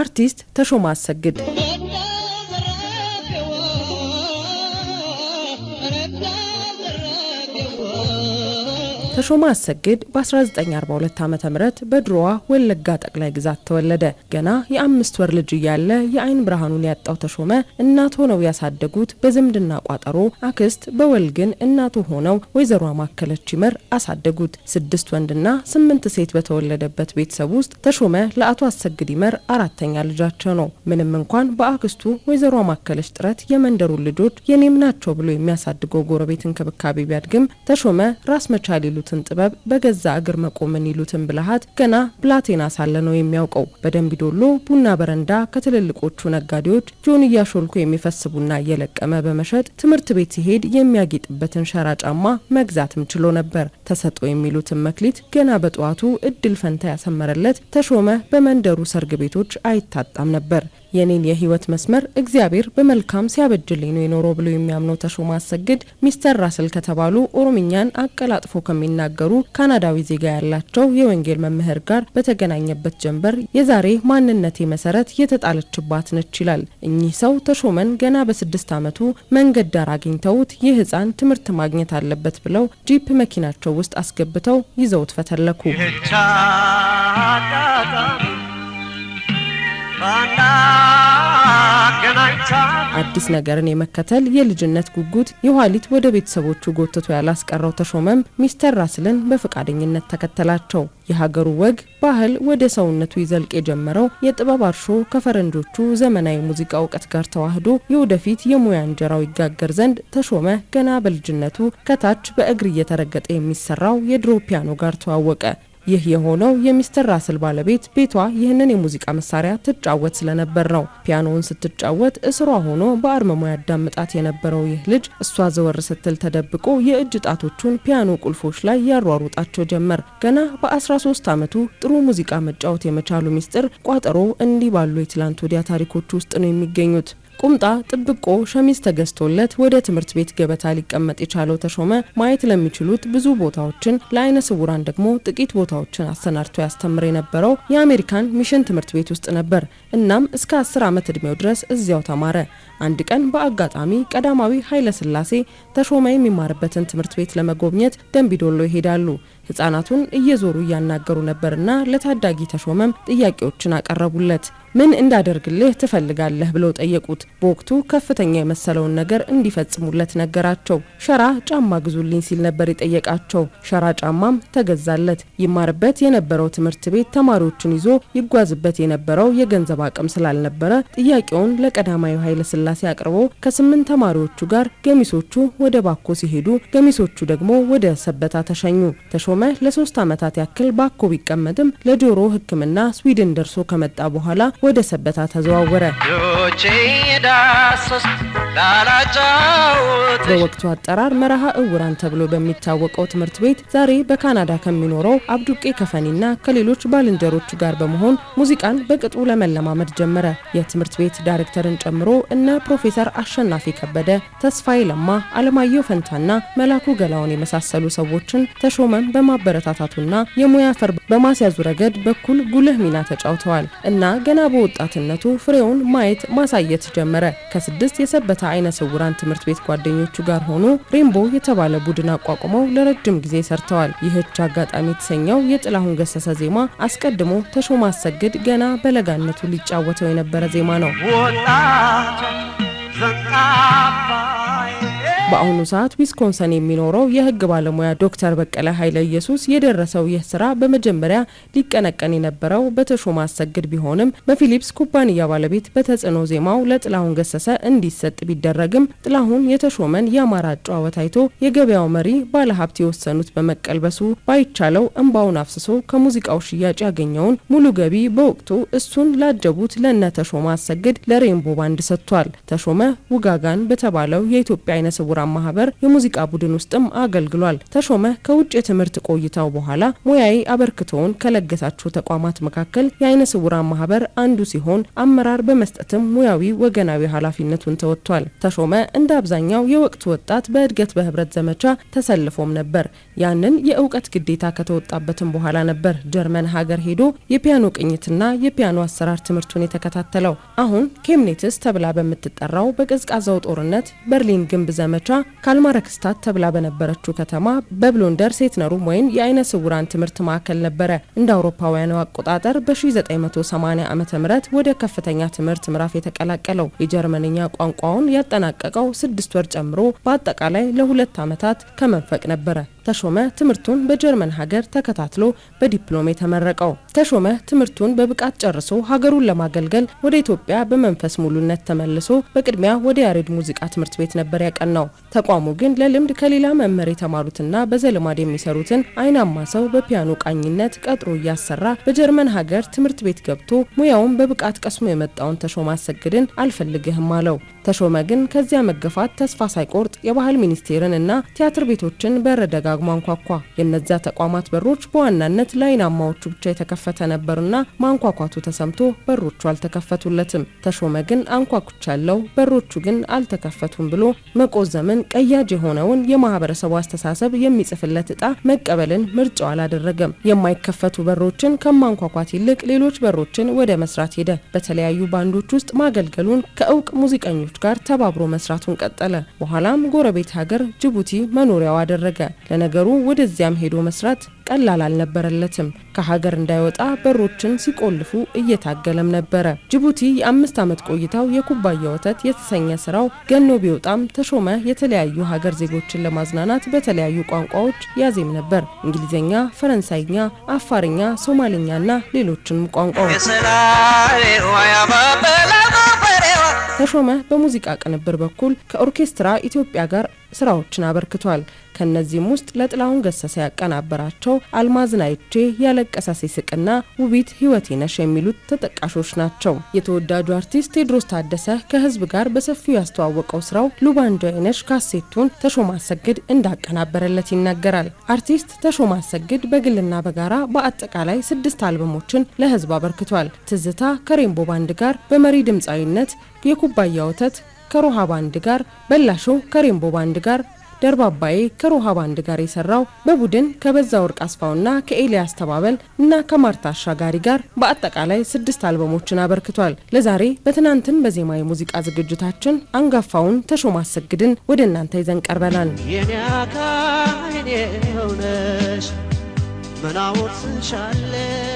አርቲስት ተሾማ አሰግድ ተሾመ አሰግድ በ1942 ዓ ም በድሮዋ ወለጋ ጠቅላይ ግዛት ተወለደ። ገና የአምስት ወር ልጅ እያለ የአይን ብርሃኑን ያጣው ተሾመ እናት ሆነው ያሳደጉት በዝምድና ቋጠሮ አክስት በወልግን እናቱ ሆነው ወይዘሮ ማከለች ይመር አሳደጉት። ስድስት ወንድና ስምንት ሴት በተወለደበት ቤተሰብ ውስጥ ተሾመ ለአቶ አሰግድ ይመር አራተኛ ልጃቸው ነው። ምንም እንኳን በአክስቱ ወይዘሮ ማከለች ጥረት የመንደሩን ልጆች የኔም ናቸው ብሎ የሚያሳድገው ጎረቤት እንክብካቤ ቢያድግም ተሾመ ራስ መቻል ያሉትን ጥበብ በገዛ እግር መቆምን ይሉትን ብልሃት ገና ብላቴና ሳለ ነው የሚያውቀው። በደምቢዶሎ ቡና በረንዳ ከትልልቆቹ ነጋዴዎች ጆን እያሾልኩ የሚፈስ ቡና እየለቀመ በመሸጥ ትምህርት ቤት ሲሄድ የሚያጌጥበትን ሸራ ጫማ መግዛትም ችሎ ነበር። ተሰጦ የሚሉትን መክሊት ገና በጠዋቱ እድል ፈንታ ያሰመረለት ተሾመ በመንደሩ ሰርግ ቤቶች አይታጣም ነበር። የኔን የህይወት መስመር እግዚአብሔር በመልካም ሲያበጅልኝ ነው የኖረው ብሎ የሚያምነው ተሾመ አሰግድ ሚስተር ራስል ከተባሉ ኦሮምኛን አቀላጥፎ ከሚናገሩ ካናዳዊ ዜጋ ያላቸው የወንጌል መምህር ጋር በተገናኘበት ጀንበር የዛሬ ማንነቴ መሰረት የተጣለችባት ነች ይላል። እኚህ ሰው ተሾመን ገና በስድስት ዓመቱ መንገድ ዳር አግኝተውት ይህ ህፃን ትምህርት ማግኘት አለበት ብለው ጂፕ መኪናቸው ውስጥ አስገብተው ይዘውት ፈተለኩ። ይህች አዲስ ነገርን የመከተል የልጅነት ጉጉት የኋሊት ወደ ቤተሰቦቹ ጎትቶ ያላስቀረው ተሾመም ሚስተር ራስልን በፈቃደኝነት ተከተላቸው። የሀገሩ ወግ ባህል ወደ ሰውነቱ ይዘልቅ የጀመረው የጥበብ አርሾ ከፈረንጆቹ ዘመናዊ ሙዚቃ እውቀት ጋር ተዋህዶ የወደፊት የሙያ እንጀራው ይጋገር ዘንድ ተሾመ ገና በልጅነቱ ከታች በእግር እየተረገጠ የሚሰራው የድሮ ፒያኖ ጋር ተዋወቀ። ይህ የሆነው የሚስተር ራስል ባለቤት ቤቷ ይህንን የሙዚቃ መሳሪያ ትጫወት ስለነበር ነው። ፒያኖውን ስትጫወት እስሯ ሆኖ በአርመሞ ያዳምጣት የነበረው ይህ ልጅ እሷ ዘወር ስትል ተደብቆ የእጅ ጣቶቹን ፒያኖ ቁልፎች ላይ ያሯሩጣቸው ጀመር። ገና በ13 ዓመቱ ጥሩ ሙዚቃ መጫወት የመቻሉ ሚስጥር ቋጠሮ እንዲህ ባሉ የትላንት ወዲያ ታሪኮች ውስጥ ነው የሚገኙት። ቁምጣ፣ ጥብቆ፣ ሸሚዝ ተገዝቶለት ወደ ትምህርት ቤት ገበታ ሊቀመጥ የቻለው ተሾመ ማየት ለሚችሉት ብዙ ቦታዎችን ለአይነ ስውራን ደግሞ ጥቂት ቦታዎችን አሰናድቶ ያስተምር የነበረው የአሜሪካን ሚሽን ትምህርት ቤት ውስጥ ነበር። እናም እስከ አስር ዓመት ዕድሜው ድረስ እዚያው ተማረ። አንድ ቀን በአጋጣሚ ቀዳማዊ ኃይለ ሥላሴ ተሾመ የሚማርበትን ትምህርት ቤት ለመጎብኘት ደንቢዶሎ ይሄዳሉ። ህጻናቱን እየዞሩ እያናገሩ ነበርና ለታዳጊ ተሾመም ጥያቄዎችን አቀረቡለት። ምን እንዳደርግልህ ትፈልጋለህ ብለው ጠየቁት። በወቅቱ ከፍተኛ የመሰለውን ነገር እንዲፈጽሙለት ነገራቸው። ሸራ ጫማ ግዙልኝ ሲል ነበር የጠየቃቸው። ሸራ ጫማም ተገዛለት። ይማርበት የነበረው ትምህርት ቤት ተማሪዎችን ይዞ ይጓዝበት የነበረው የገንዘብ አቅም ስላልነበረ ጥያቄውን ለቀዳማዊ ኃይለ ሥላሴ አቅርቦ ከስምንት ተማሪዎቹ ጋር ገሚሶቹ ወደ ባኮ ሲሄዱ፣ ገሚሶቹ ደግሞ ወደ ሰበታ ተሸኙ። ተሾመ ለሶስት ዓመታት ያክል ባኮ ቢቀመጥም ለጆሮ ሕክምና ስዊድን ደርሶ ከመጣ በኋላ ወደ ሰበታ ተዘዋወረ። በወቅቱ አጠራር መርሃ እውራን ተብሎ በሚታወቀው ትምህርት ቤት ዛሬ በካናዳ ከሚኖረው አብዱቄ ከፈኒና ከሌሎች ባልንጀሮቹ ጋር በመሆን ሙዚቃን በቅጡ ለመለማመድ ጀመረ። የትምህርት ቤት ዳይሬክተርን ጨምሮ እነ ፕሮፌሰር አሸናፊ ከበደ፣ ተስፋዬ ለማ፣ አለማየሁ ፈንታና መላኩ ገላውን የመሳሰሉ ሰዎችን ተሾመን በማበረታታቱና የሙያ ፈር በማስያዙ ረገድ በኩል ጉልህ ሚና ተጫውተዋል እና ገና በወጣትነቱ ፍሬውን ማየት ማሳየት ጀመረ። ከስድስት የሰበታ አይነ ስውራን ትምህርት ቤት ጓደኞቹ ጋር ሆኖ ሬምቦ የተባለ ቡድን አቋቁመው ለረጅም ጊዜ ሰርተዋል። ይህች አጋጣሚ የተሰኘው የጥላሁን ገሰሰ ዜማ አስቀድሞ ተሾመ አሰግድ ገና በለጋነቱ ሊጫወተው የነበረ ዜማ ነው። በአሁኑ ሰዓት ዊስኮንሰን የሚኖረው የህግ ባለሙያ ዶክተር በቀለ ኃይለ ኢየሱስ የደረሰው ይህ ስራ በመጀመሪያ ሊቀነቀን የነበረው በተሾመ አሰግድ ቢሆንም በፊሊፕስ ኩባንያ ባለቤት በተጽዕኖ ዜማው ለጥላሁን ገሰሰ እንዲሰጥ ቢደረግም ጥላሁን የተሾመን የአማራ ጨዋወት አይቶ የገበያው መሪ ባለሀብት የወሰኑት በመቀልበሱ ባይቻለው እንባውን አፍስሶ ከሙዚቃው ሽያጭ ያገኘውን ሙሉ ገቢ በወቅቱ እሱን ላጀቡት ለነ ተሾመ አሰግድ ለሬንቦ ባንድ ሰጥቷል። ተሾመ ውጋጋን በተባለው የኢትዮጵያ አይነ የስራ ማህበር የሙዚቃ ቡድን ውስጥም አገልግሏል። ተሾመ ከውጭ የትምህርት ቆይታው በኋላ ሙያዊ አበርክቶውን ከለገሳቸው ተቋማት መካከል የአይነ ስውራን ማህበር አንዱ ሲሆን አመራር በመስጠትም ሙያዊ ወገናዊ ኃላፊነቱን ተወጥቷል። ተሾመ እንደ አብዛኛው የወቅቱ ወጣት በእድገት በህብረት ዘመቻ ተሰልፎም ነበር። ያንን የእውቀት ግዴታ ከተወጣበትም በኋላ ነበር ጀርመን ሀገር ሄዶ የፒያኖ ቅኝትና የፒያኖ አሰራር ትምህርቱን የተከታተለው። አሁን ኬምኔትስ ተብላ በምትጠራው በቀዝቃዛው ጦርነት በርሊን ግንብ ዘመቻ ካልማረክስታት ተብላ በነበረችው ከተማ በብሎንደር ሴትነሩም ወይም የአይነ ስውራን ትምህርት ማዕከል ነበረ። እንደ አውሮፓውያኑ አቆጣጠር በ1980 ዓ ም ወደ ከፍተኛ ትምህርት ምዕራፍ የተቀላቀለው የጀርመንኛ ቋንቋውን ያጠናቀቀው ስድስት ወር ጨምሮ በአጠቃላይ ለሁለት ዓመታት ከመንፈቅ ነበረ። ተሾመ ትምህርቱን በጀርመን ሀገር ተከታትሎ በዲፕሎም የተመረቀው። ተሾመ ትምህርቱን በብቃት ጨርሶ ሀገሩን ለማገልገል ወደ ኢትዮጵያ በመንፈስ ሙሉነት ተመልሶ በቅድሚያ ወደ ያሬድ ሙዚቃ ትምህርት ቤት ነበር ያቀናው። ተቋሙ ግን ለልምድ ከሌላ መምህር የተማሩትና በዘልማድ የሚሰሩትን አይናማ ሰው በፒያኖ ቃኝነት ቀጥሮ እያሰራ በጀርመን ሀገር ትምህርት ቤት ገብቶ ሙያውን በብቃት ቀስሞ የመጣውን ተሾመ አሰግድን አልፈልግህም አለው። ተሾመ ግን ከዚያ መገፋት ተስፋ ሳይቆርጥ የባህል ሚኒስቴርን እና ቲያትር ቤቶችን በረደጋ ደጋግሞ አንኳኳ። የእነዚያ ተቋማት በሮች በዋናነት ለአይናማዎቹ ብቻ የተከፈተ ነበርና ማንኳኳቱ ተሰምቶ በሮቹ አልተከፈቱለትም። ተሾመ ግን አንኳኩቻለው፣ በሮቹ ግን አልተከፈቱም ብሎ መቆዘምን ቀያጅ የሆነውን የማህበረሰቡ አስተሳሰብ የሚጽፍለት እጣ መቀበልን ምርጫው አላደረገም። የማይከፈቱ በሮችን ከማንኳኳት ይልቅ ሌሎች በሮችን ወደ መስራት ሄደ። በተለያዩ ባንዶች ውስጥ ማገልገሉን ከእውቅ ሙዚቀኞች ጋር ተባብሮ መስራቱን ቀጠለ። በኋላም ጎረቤት ሀገር ጅቡቲ መኖሪያው አደረገ። ለነገሩ ወደዚያም ሄዶ መስራት ቀላል አልነበረለትም። ከሀገር እንዳይወጣ በሮችን ሲቆልፉ እየታገለም ነበረ። ጅቡቲ የአምስት ዓመት ቆይታው የኩባያ ወተት የተሰኘ ስራው ገኖ ቢወጣም ተሾመ የተለያዩ ሀገር ዜጎችን ለማዝናናት በተለያዩ ቋንቋዎች ያዜም ነበር። እንግሊዝኛ፣ ፈረንሳይኛ፣ አፋርኛ፣ ሶማልኛና ሌሎችንም ቋንቋዎች ተሾመ በሙዚቃ ቅንብር በኩል ከኦርኬስትራ ኢትዮጵያ ጋር ስራዎችን አበርክቷል። ከእነዚህም ውስጥ ለጥላሁን ገሰሰ ያቀናበራቸው አልማዝ ናይቼ፣ ያለቀሰ ሲስቅና ውቢት ህይወቴ ነሽ የሚሉት ተጠቃሾች ናቸው። የተወዳጁ አርቲስት ቴድሮስ ታደሰ ከህዝብ ጋር በሰፊው ያስተዋወቀው ስራው ሉባንጆ አይነሽ ካሴቱን ተሾማ አሰግድ እንዳቀናበረለት ይናገራል። አርቲስት ተሾማ አሰግድ በግልና በጋራ በአጠቃላይ ስድስት አልበሞችን ለህዝብ አበርክቷል። ትዝታ ከሬንቦ ባንድ ጋር በመሪ ድምፃዊነት የኩባያ ወተት ከሮሃ ባንድ ጋር፣ በላሾ ከሬምቦ ባንድ ጋር ደርባባዬ ከሮሃ ባንድ ጋር የሰራው በቡድን ከበዛ ወርቅ አስፋውና ከኤልያስ ተባበል እና ከማርታ አሻጋሪ ጋር በአጠቃላይ ስድስት አልበሞችን አበርክቷል። ለዛሬ በትናንትን በዜማ የሙዚቃ ዝግጅታችን አንጋፋውን ተሾመ አሰግድን ወደ እናንተ ይዘን ቀርበናል። ስንሻለን